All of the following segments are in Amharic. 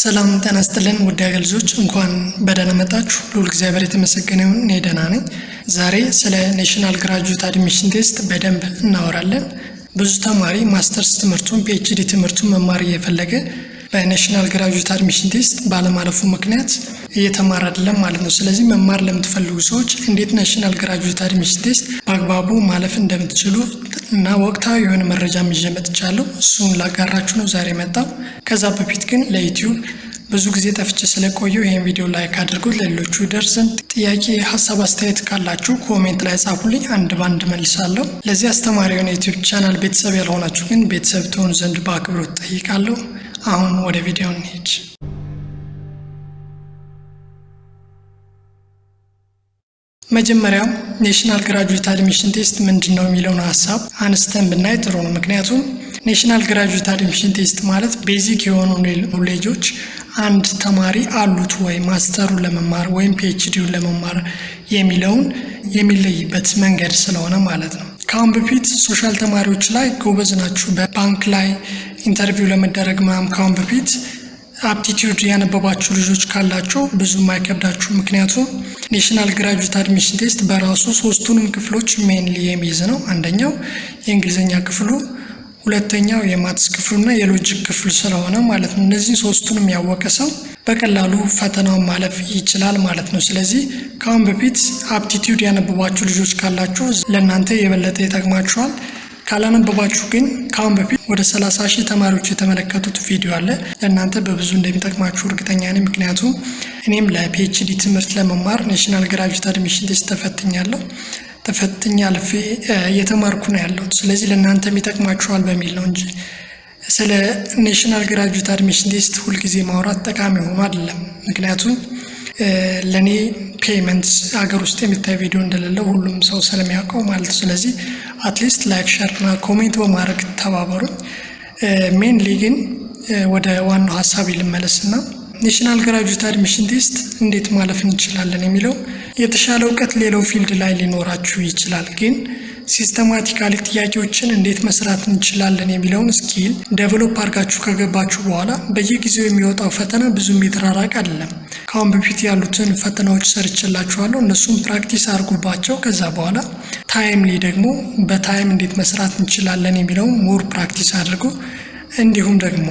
ሰላም ጤና ይስጥልን ውድ አገር እንኳን በደህና መጣችሁ። ልዑል እግዚአብሔር የተመሰገነ ይሁን፣ እኔ ደህና ነኝ። ዛሬ ስለ ናሽናል ግራጁዌት አድሚሽን ቴስት በደንብ እናወራለን። ብዙ ተማሪ ማስተርስ ትምህርቱን ፒኤችዲ ትምህርቱን መማር እየፈለገ በናሽናል ግራጁዌት አድሚሽን ቴስት ባለማለፉ ምክንያት እየተማረ አይደለም ማለት ነው። ስለዚህ መማር ለምትፈልጉ ሰዎች እንዴት ናሽናል ግራጁዌት አድሚሽን ቴስት በአግባቡ ማለፍ እንደምትችሉ እና ወቅታዊ የሆነ መረጃ ይዤ መጥቻለሁ። እሱን ላጋራችሁ ነው ዛሬ መጣው። ከዛ በፊት ግን ለዩቲዩብ ብዙ ጊዜ ጠፍቼ ስለቆየው ይህን ቪዲዮ ላይክ አድርጉት ለሌሎቹ ደርስን። ዘንድ። ጥያቄ፣ ሀሳብ፣ አስተያየት ካላችሁ ኮሜንት ላይ ጻፉልኝ፣ አንድ ባንድ መልሳለሁ። ለዚህ አስተማሪ የሆነ ዩቲዩብ ቻናል ቤተሰብ ያልሆናችሁ ግን ቤተሰብ ትሆኑ ዘንድ በአክብሮት ጠይቃለሁ። አሁን ወደ ቪዲዮ እንሄድ። መጀመሪያም ኔሽናል ግራጁዌት አድሚሽን ቴስት ምንድን ነው የሚለውን ሀሳብ አንስተን ብናይ ጥሩ ነው። ምክንያቱም ኔሽናል ግራጁዌት አድሚሽን ቴስት ማለት ቤዚክ የሆኑ ኖሌጆች አንድ ተማሪ አሉት ወይ ማስተሩን ለመማር ወይም ፒኤችዲውን ለመማር የሚለውን የሚለይበት መንገድ ስለሆነ ማለት ነው። ከአሁን በፊት ሶሻል ተማሪዎች ላይ ጎበዝ ናችሁ፣ በባንክ ላይ ኢንተርቪው ለመደረግ ምናምን ከአሁን በፊት አፕቲቲዩድ ያነበባችሁ ልጆች ካላቸው ብዙ አይከብዳችሁ። ምክንያቱም ኔሽናል ግራጁዌት አድሚሽን ቴስት በራሱ ሶስቱንም ክፍሎች ሜንሊ የሚይዝ ነው። አንደኛው የእንግሊዝኛ ክፍሉ ሁለተኛው የማትስ ክፍሉና የሎጂክ ክፍል ስለሆነ ማለት ነው። እነዚህ ሶስቱንም ያወቀ ሰው በቀላሉ ፈተናውን ማለፍ ይችላል ማለት ነው። ስለዚህ ከአሁን በፊት አፕቲቲዩድ ያነበባችሁ ልጆች ካላችሁ ለእናንተ የበለጠ ይጠቅማችኋል። ካላነበባችሁ ግን ከአሁን በፊት ወደ 30 ሺህ ተማሪዎች የተመለከቱት ቪዲዮ አለ። ለእናንተ በብዙ እንደሚጠቅማችሁ እርግጠኛ ነኝ። ምክንያቱም እኔም ለፒኤችዲ ትምህርት ለመማር ኔሽናል ግራጁዌት አድሚሽን ቴስት ተፈትኛለሁ። ተፈትኝ አልፌ እየተማርኩ ነው ያለሁት። ስለዚህ ለእናንተም ይጠቅማችኋል በሚል ነው እንጂ ስለ ኔሽናል ግራጁዌት አድሚሽን ሊስት ሁልጊዜ ማውራት ጠቃሚ ሆኖ አይደለም። ምክንያቱም ለእኔ ፔመንት ሀገር ውስጥ የሚታይ ቪዲዮ እንደሌለው ሁሉም ሰው ስለሚያውቀው ማለት ስለዚህ አትሊስት ላይክ፣ ሸርና ኮሜንት በማድረግ ተባበሩኝ። ሜንሊ ግን ወደ ዋናው ሀሳብ ልመለስና ኔሽናል ግራጁዌት አድሚሽን ቴስት እንዴት ማለፍ እንችላለን የሚለው የተሻለ እውቀት ሌላው ፊልድ ላይ ሊኖራችሁ ይችላል፣ ግን ሲስተማቲካሊ ጥያቄዎችን እንዴት መስራት እንችላለን የሚለውን ስኪል ዴቨሎፕ አድርጋችሁ ከገባችሁ በኋላ በየጊዜው የሚወጣው ፈተና ብዙም የተራራቅ አይደለም። ከአሁን በፊት ያሉትን ፈተናዎች ሰርችላችኋለሁ። እነሱም ፕራክቲስ አድርጉባቸው። ከዛ በኋላ ላይ ደግሞ በታይም እንዴት መስራት እንችላለን የሚለውን ሞር ፕራክቲስ አድርጎ እንዲሁም ደግሞ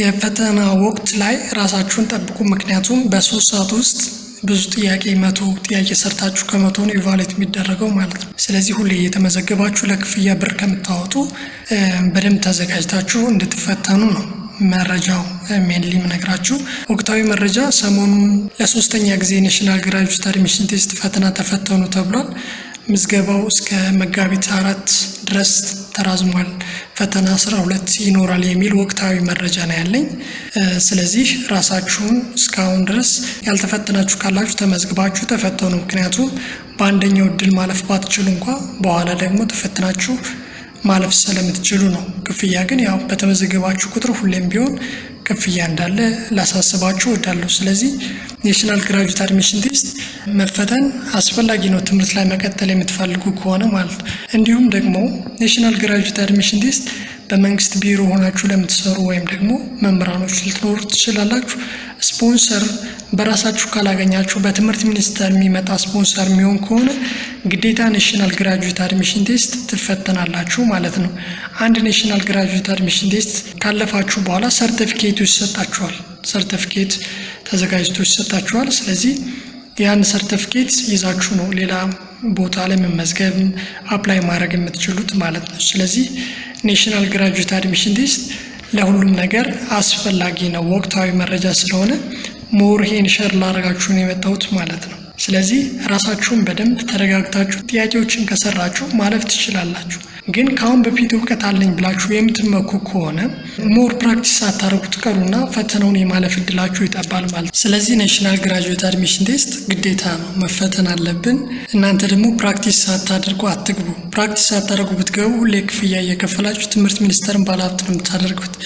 የፈተና ወቅት ላይ ራሳችሁን ጠብቁ። ምክንያቱም በሶስት ሰዓት ውስጥ ብዙ ጥያቄ መቶ ጥያቄ ሰርታችሁ ከመቶ ነው የሚደረገው ማለት ነው። ስለዚህ ሁሌ እየተመዘገባችሁ ለክፍያ ብር ከምታወጡ በደንብ ተዘጋጅታችሁ እንድትፈተኑ ነው መረጃው ሜንሊ ምነግራችሁ ወቅታዊ መረጃ ሰሞኑን ለሶስተኛ ጊዜ ኔሽናል ግራጁዌት አድሚሽን ቴስት ፈተና ተፈተኑ ተብሏል። ምዝገባው እስከ መጋቢት አራት ድረስ ተራዝሟል፣ ፈተና አስራ ሁለት ይኖራል የሚል ወቅታዊ መረጃ ነው ያለኝ። ስለዚህ ራሳችሁን እስካሁን ድረስ ያልተፈተናችሁ ካላችሁ ተመዝግባችሁ ተፈተኑ። ምክንያቱም በአንደኛው እድል ማለፍ ባትችሉ እንኳ በኋላ ደግሞ ተፈትናችሁ ማለፍ ስለምትችሉ ነው። ክፍያ ግን ያው በተመዘገባችሁ ቁጥር ሁሌም ቢሆን ክፍያ እንዳለ ላሳስባችሁ እወዳለሁ። ስለዚህ ኔሽናል ግራጁዌት አድሚሽን ቴስት መፈተን አስፈላጊ ነው፣ ትምህርት ላይ መቀጠል የምትፈልጉ ከሆነ ማለት ነው። እንዲሁም ደግሞ ኔሽናል ግራጁዌት አድሚሽን ቴስት በመንግስት ቢሮ ሆናችሁ ለምትሰሩ ወይም ደግሞ መምህራኖች ልትኖሩ ትችላላችሁ። ስፖንሰር በራሳችሁ ካላገኛችሁ በትምህርት ሚኒስቴር የሚመጣ ስፖንሰር የሚሆን ከሆነ ግዴታ ኔሽናል ግራጁዌት አድሚሽን ቴስት ትፈተናላችሁ ማለት ነው። አንድ ኔሽናል ግራጁዌት አድሚሽን ቴስት ካለፋችሁ በኋላ ሰርቲፊኬቱ ይሰጣችኋል። ሰርቲፊኬት ተዘጋጅቶ ይሰጣችኋል። ስለዚህ ያን ሰርተፍኬት ይዛችሁ ነው ሌላ ቦታ ላይ መመዝገብ አፕላይ ማድረግ የምትችሉት ማለት ነው። ስለዚህ ኔሽናል ግራጁዌት አድሚሽን ቴስት ለሁሉም ነገር አስፈላጊ ነው፣ ወቅታዊ መረጃ ስለሆነ ሞር ይሄን ሸር ነው የመጣሁት ማለት ነው። ስለዚህ ራሳችሁን በደንብ ተረጋግታችሁ ጥያቄዎችን ከሰራችሁ ማለፍ ትችላላችሁ። ግን ከአሁን በፊት እውቀት አለኝ ብላችሁ የምትመኩ ከሆነ ሞር ፕራክቲስ ሳታደርጉ ትቀሩና ፈተናውን የማለፍ እድላችሁ ይጠባል ማለት። ስለዚህ ናሽናል ግራጁዌት አድሚሽን ቴስት ግዴታ ነው መፈተን አለብን። እናንተ ደግሞ ፕራክቲስ ሳታደርጉ አትግቡ። ፕራክቲስ ሳታደርጉ ብትገቡ ሁሌ ክፍያ እየከፈላችሁ ትምህርት ሚኒስቴርን ባለሀብት ነው የምታደርጉት።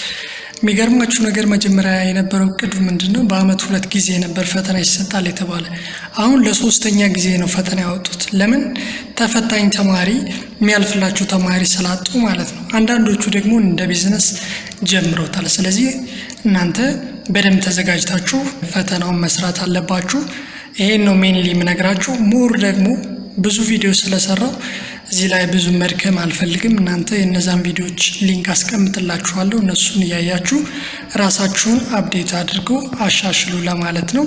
የሚገርማችሁ ነገር መጀመሪያ የነበረው እቅዱ ምንድን ነው? በአመት ሁለት ጊዜ ነበር ፈተና ይሰጣል የተባለ። አሁን ለሶስተኛ ጊዜ ነው ፈተና ያወጡት። ለምን ተፈታኝ ተማሪ የሚያልፍላችሁ ተማሪ ስላጡ ማለት ነው። አንዳንዶቹ ደግሞ እንደ ቢዝነስ ጀምረውታል። ስለዚህ እናንተ በደንብ ተዘጋጅታችሁ ፈተናውን መስራት አለባችሁ። ይሄን ነው ሜንሊ የምነግራችሁ። ሙር ደግሞ ብዙ ቪዲዮ ስለሰራው እዚህ ላይ ብዙ መድከም አልፈልግም። እናንተ የእነዛን ቪዲዮዎች ሊንክ አስቀምጥላችኋለሁ። እነሱን እያያችሁ ራሳችሁን አፕዴት አድርጎ አሻሽሉ ለማለት ነው።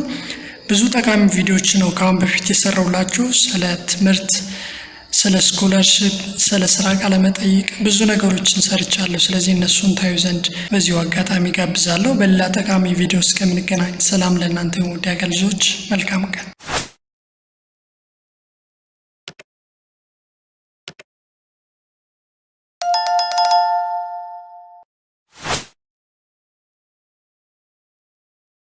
ብዙ ጠቃሚ ቪዲዮዎች ነው ከአሁን በፊት የሰራውላችሁ ስለ ትምህርት ስለ ስኮለርሽፕ፣ ስለ ስራ ቃለመጠይቅ ብዙ ነገሮችን ሰርቻለሁ። ስለዚህ እነሱን ታዩ ዘንድ በዚሁ አጋጣሚ ጋብዛለሁ። በሌላ ጠቃሚ ቪዲዮ እስከምንገናኝ ሰላም ለእናንተ ውድ መልካም ቀን